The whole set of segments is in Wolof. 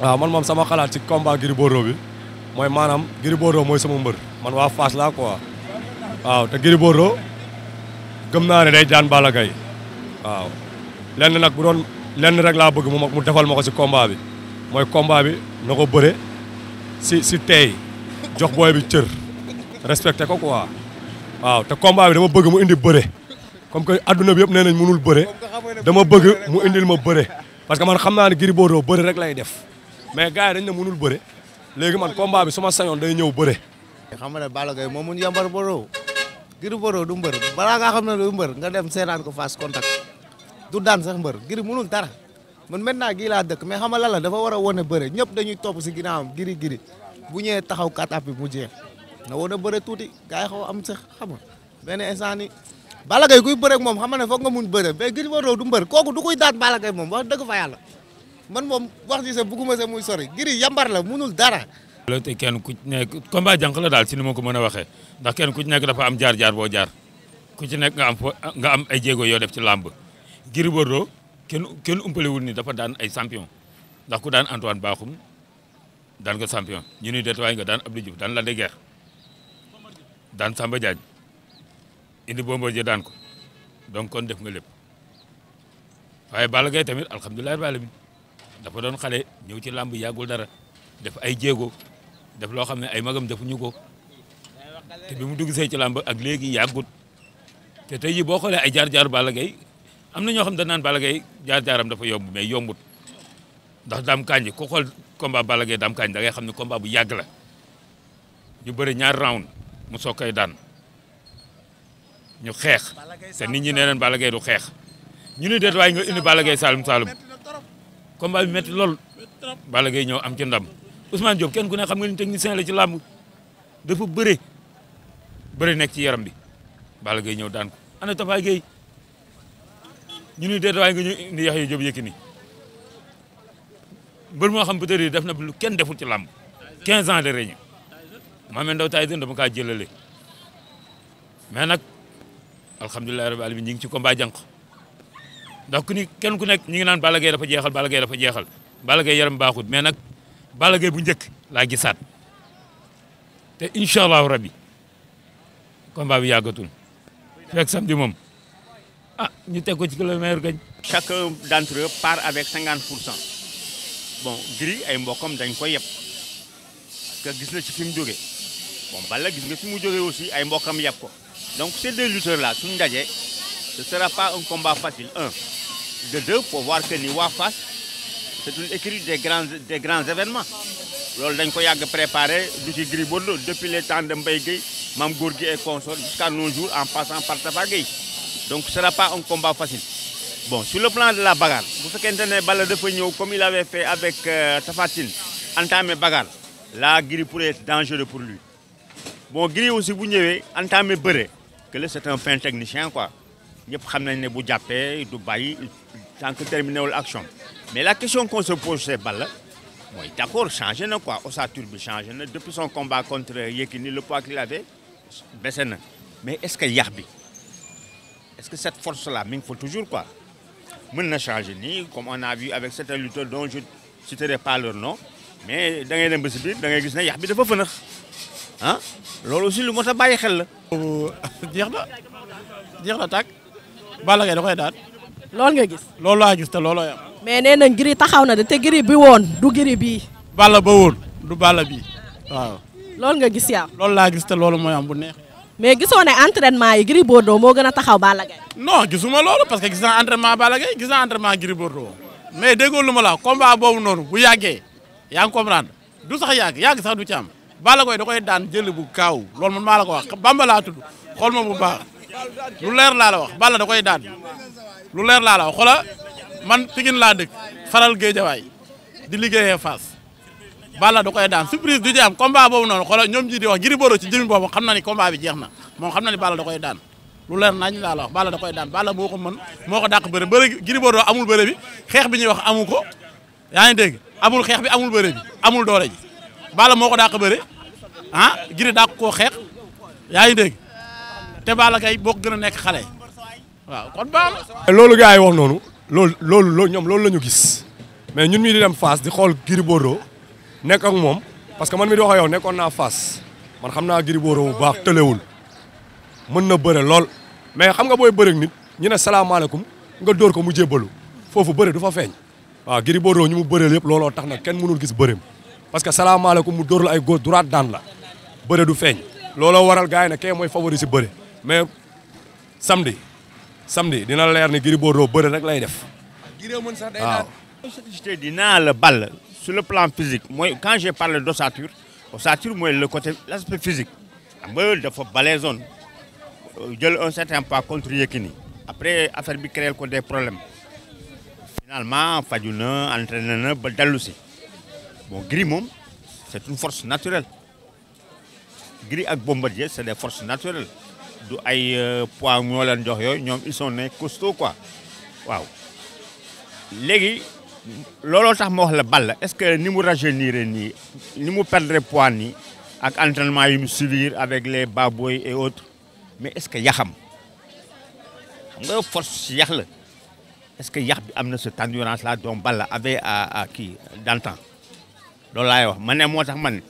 waaw man moom sama xalaat ci combat Gris Bordeaux bi mooy maanaam Gris Bordeaux mooy sama mbër man waa Fass laa quoi waaw te Gris Bordeaux gëm naa ne day daan Balla Gaye waaw lenn nag bu doon lenn rek laa bëgg mu defal ma ko si combat bi mooy combat bi na ko bëre si ci tey jox booy bi cër respecté ko quoi waaw te combat bi dama bëgg mu indi bëre comme que adduna bi yëpp nee nañ mënul bëre dama bëgg mu indil ma bëre parce que man xam naa ne Gris Bordeaux bëre rek lay def mais gars yi dañ ne mënul bëre léegi man combat bi su ma sañoon day ñëw bëre. xam nga ne Balla Gaye moom mun yambar Bordeaux Gris Bordeaux du mbër balaa nga xam ne du mbër nga dem seetaan ko face contact du daan sax mbër Gris mënul dara man maintenant gii laa dëkk mais xam nga lan la dafa war a wane bëre ñëpp dañuy topp si ginnaawam Gris Gris bu ñëwee taxaw kataap bi mu jeex na wane bëre tuuti gars yi xaw am sax xam Balla Gaye kuy bëre ak moom xam nga ne foog nga mun bëre mais Gris Bordeaux du mbër kooku du koy daan Balla Gaye moom wax dëgg fa yàlla man moom wax ji sa bugguma sa muy sori Gris yambar la munul dara. loolu te kenn ku ci nekk combat jànq daal si ni ma ko mën a waxee ndax kenn ku nekk dafa am jaar-jaar boo jaar ku ci nekk nga am nga am ay jéego yoo def ci làmb Gris Bordeaux kenn kenn umpalewul ni dafa daan ay champion ndax ku daan Antoine Bakhoum daan ko champion ñu ni detuwaay nga daan Abdou Diouf daan Lac de Guiers daan Samba Diagne indi Bombardier daan ko donc kon def nga lépp waaye Balla Gaye tamit alhamdulilah rabbil alamin dafa doon xale ñëw ci làmb yàggul dara def ay jéego def loo xam ne ay magam defuñu ko te bi mu dugg see ci làmb ak léegi yàggut te tey jii boo xoolee ay jaar-jaar Balla Gaye am na ñoo xam ne dañ naan Balla jaar-jaaram dafa yomb mais yombut ndax daam kànji ku xool combat daam kànji da ngay xam ne combat bu yàgg la ñu bëri ñaar round mu soog koy daan. ñu xeex te nit ñi nee neen Balla Gaye du xeex ñu ne déet waaye nga indi Balla Gaye Saloum Saloum combat bi métti lool Balla Gaye ñëw am ci ndam Ousmane Diop kenn ku ne xam nga ni technicien la ci làmb dafa bëre bëre ci yaram bi Balla Gaye ñëw daan ko ana Tapha Gueye ñu ne déet waaye nga ñëw indi Yaxya Diop Yékini mbër moo xam peut-être def na lu kenn deful ci làmb 15 ans de règne Mame Ndao Tyson dama kaa jëlale mais nag alhamdulilah rabbil alamin ñu ngi ci combat jànq ndax ku ni kenn ku nekk ñu ngi naan Balla Gaye dafa jeexal Balla Gaye dafa jeexal Balla Gaye yaram baaxut mais nag Balla Gaye bu njëkk laa gisaat te incha allahu rabbi combat bi yàggatul fekk samedi moom a ah, ñu teg ko ci kilomètre gañ. chacun d'entre eux part avec 50 pour cent bon Gris ay mbokkam dañ ko yeb ka gis na ci fi mu jógee bon Balla gis nga fi mu jógee aussi ay mbokkam yeb ko. Donc ces deux lutteurs-là, ce ne sera pas un combat facile. Un. De deux, pour voir que Niwa face, c'est une écriture des grands, des grands événements. loolu dañ préparé depuis les temps de Mbaye Mam et consort jusqu'à nos jours en passant par Tapha donc ce ne sera pas un combat facile bon sur le plan de la bagarre vous savez des balles de ñëw comme il avait fait avec euh, Tafatine, entamez entamé bagarre là Gri pourrait être dangereux pour lui bon Gri aussi vous bu ñëwee entamé beurre que c'est un fin technicien quoi il xam nañ ne bu jàppee du tant que terminé l'action. mais la question qu'on se pose c'est Balla mooy d'accord changé ne quoi changé depuis son combat contre Yekini le poids qu'il avait baissé mais est-ce que yax est-ce que cette force là il faut toujours quoi mën ne changer ni comme on a vu avec certains lutteurs dont je ne citerai pas leur nom mais dans les dem dans si da ne pas ah loolu mot a bàyyi xel la. Oh, jeex na jeex na tàkk Balla Gaye da koy daan. loolu nga gis. loolu laa gis te looloo yam. mais nee nañ giri taxaw na de te giri bi woon du giri bii. Balla ba woon du Balla bii waaw. loolu nga gis yaa lool laa gis te loolu mooy am bu neex. mais gisoo ne entraînement yi Gris Bordeaux moo gën a taxaw Balla Gaye. non gisuma loolu parce que gis naa entraînement Balla Gaye gis naa entraînement Gris Bordeaux mais déggoo lu ma la combat boobu noonu bu yàggee yaa ngi comprendre du sax yàgg yàgg sax du ci am Balla Gaye da koy daan jël bu kaaw loolu man maa la ko wax Bamba laa tudd xool ma bu baax lu leer laa la wax bala da koy daan lu leer laa la wax xoola man Pikine laa dëkk faral Géejawaay di liggéeyee Fass Balla da koy daan surprise du jeex am combat boobu noonu xoola ñoom ji di wax Gris Bordeaux ci jëmi boobu xam na ni combat bi jeex na moom xam na ni Balla da koy daan lu leer nañ laa la wax Balla da koy daan Balla moo ko mën moo ko dàq bëre bëre Gris Bordeaux amul bëre bi xeex bi ñuy wax amu ko yaa ngi dégg amul xeex amul bëre amul doole Balla moo ko dàq bëre ah Gris dàq koo xeex yaa ngi dégg te Balla Gaye boo gën a nekk xale waaw kon baax na. loolu gars yi noonu loolu loolu loolu ñoom loolu la ñu gis mais ñun mii di dem Fass di xool Gris Bordeaux nekk ak moom parce que man mi di wax ak yow nekkoon naa Fass man xam naa Gris Bordeaux bu baax tëlewul mën na bëre lool mais xam nga booy bëreeg nit ñu ne salaamaaleykum nga dóor ko mu jébbalu foofu bëre du fa feeñ. waaw Gris Bordeaux ñu mu bëreel yëpp looloo tax nag kenn mënul gis bëreem. parce que salam mu dóor la ay góor droite daan la Beure du feeñ looloo waral gars yi ne kee mooy favori ci beure. mais samedi samedi dina leer ni Gris Bordeaux beure rek lay def. waaw. je dis Dina le balle sur le plan physique Moi, quand j'ai parlé d'ossature ossature moi le côté l'aspect physique xam nga dafa balaisoon jël un certain pas contre Yekini après affaire bi créé ko des problèmes finalement faju na entraîné na ba bon gris c'est une force naturelle gris et bombardier c'est des forces naturelles euh, ils sont costauds la est ce que ni mu ni mu perdre poids ni avec entraînement avec les baboy et autres mais est ce que ya xam force est ce que cette endurance là dont balle avait à dans le temps loolu laay wax man ne moo tax man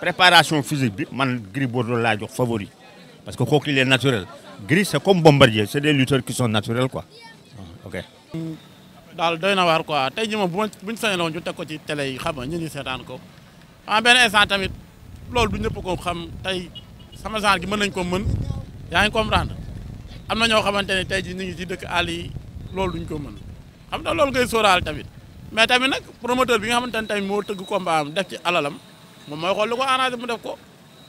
préparation physique bi man Gris Bordeaux laa jox favori parce que kooku il naturel Gris c'est comme Bombardier c'est des lutteurs qui sont naturels quoi ah, ok. daal doy na waar quoi tey jii moom bu ma bu ñu sañaloon ñu teg ko ci télé yi xam nga ñu ngi seetaan ko en ah, benn instant tamit loolu du ñëpp ko xam tey sama genre gi mën nañ ko mën yaa ngi comprendre am na ñoo xamante ne tey jii ñu ngi ci dëkk àll yi loolu duñ ko mën xam na loolu ngay sóoraal mais tamit nag promoteur bi nga xamante ne tamit moo tëgg combat am def ci alalam moom mooy xool lu ko mu def ko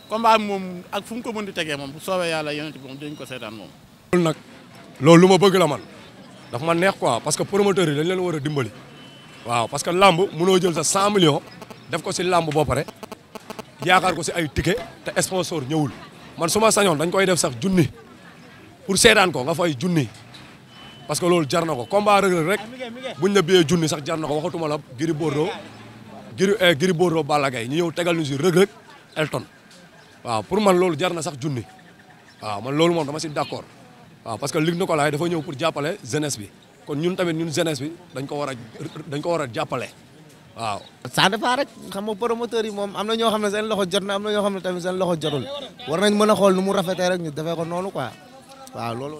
combat am moom ak fu mu ko mën di tegee moom bu soobee yàlla yonent bi moom dinañ ko seetaan moom. loolu nag loolu lu ma bëgg la man dafa ma neex quoi parce que promoteur yi dañ leen war a dimbali waaw parce que làmb mënoo jël sa 100 millions def ko si làmb boo pare yaakaar ko si ay ticket te sponsor ñëwul man su ma sañoon dañ koy def sax junni pour seetaan ko nga fay junni. parce que loolu jar na ko combat Reug Reug rek ah, buñ la biyee junni sax jar na ko waxatuma la Gris Bordeaux Gris eh, Gris Bordeaux Balla Gaye ñu ñëw tegal ñu si Reug Elton waaw pour man loolu jar na sax junni waaw man loolu moom dama si d'accord waaw parce que Luc Nicolaï dafa ñëw pour jàppale jeunesse bi kon ñun ñun jeunesse bi dañ ko war a dañ ko war a jàppale waaw. ça dépend rek xam nga promoteurs yi moom am na ñoo xam ne seen loxo jot na am na ñoo xam ne tamit seen loxo jotul war nañ mën a xool nu mu rafetee rek ñu defee ko noonu quoi waaw loolu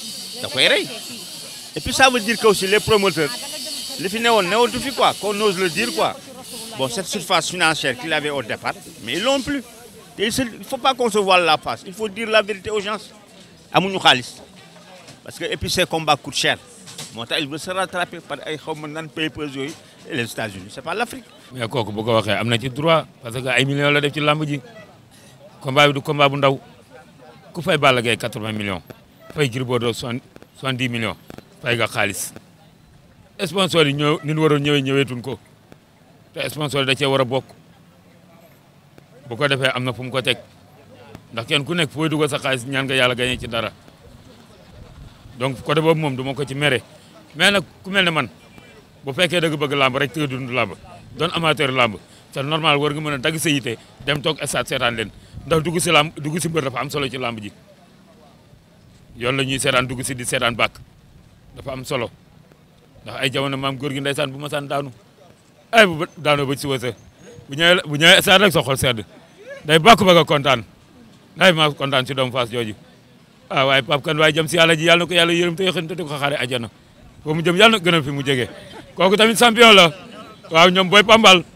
et puis ça veut dire que aussi les promoteurs li fi newoon newatu fi quoi qu'on ose le dire quoi bon cette surface financière qu'il avait au départ mais ils l'ont plus Il il faut pas concevoir la face il faut dire la vérité aux gens parce que et puis ces combats coûtent cher Ils il veut se rattraper par ay pays les États-Unis c'est pas l'Afrique mais quoi bu ko waxee am droit parce que ay millions la def ci ji combat du combat Il ndaw fait fay 80 millions fay 70 millions fay nga khalis sponsor ni ñew ni waro ñewé ko té sponsor da ci wara bok bu ko défé amna na fu mu ko ték ndax kenn ku nekk foy dugal sa khalis ñaan nga yalla gañee ci dara donc ko boobu moom du ko ci mere mais nak ku melni man bu fekkee dëgg bëgg lamb rek dund lamb don amateur lamb té normal war nga mëna dag sa yité dem tok stade seetaan len ndax dugg si lamb dugg si mbeur dafa am solo ci lamb ji yoon la ñuy seetaan dugg si di seetaan bàkk dafa am solo ndax ay jamono maam góor gi ndeysaan bu ma saan daanu ay bu daanoo ba ci wasa bu ñëwee bu ñëwee saan rek sa xol sedd day bàkku ba nga kontaan day maa kontaan si doomu Fass jooju ah waaye Pape Kane waaye jëm si yàlla ji yàlla ko yàlla yërëm te yëxin te ko xaare ajjana foo mu jëm yàlla a fi mu jege kooku tamit champion la waaw ñoom booy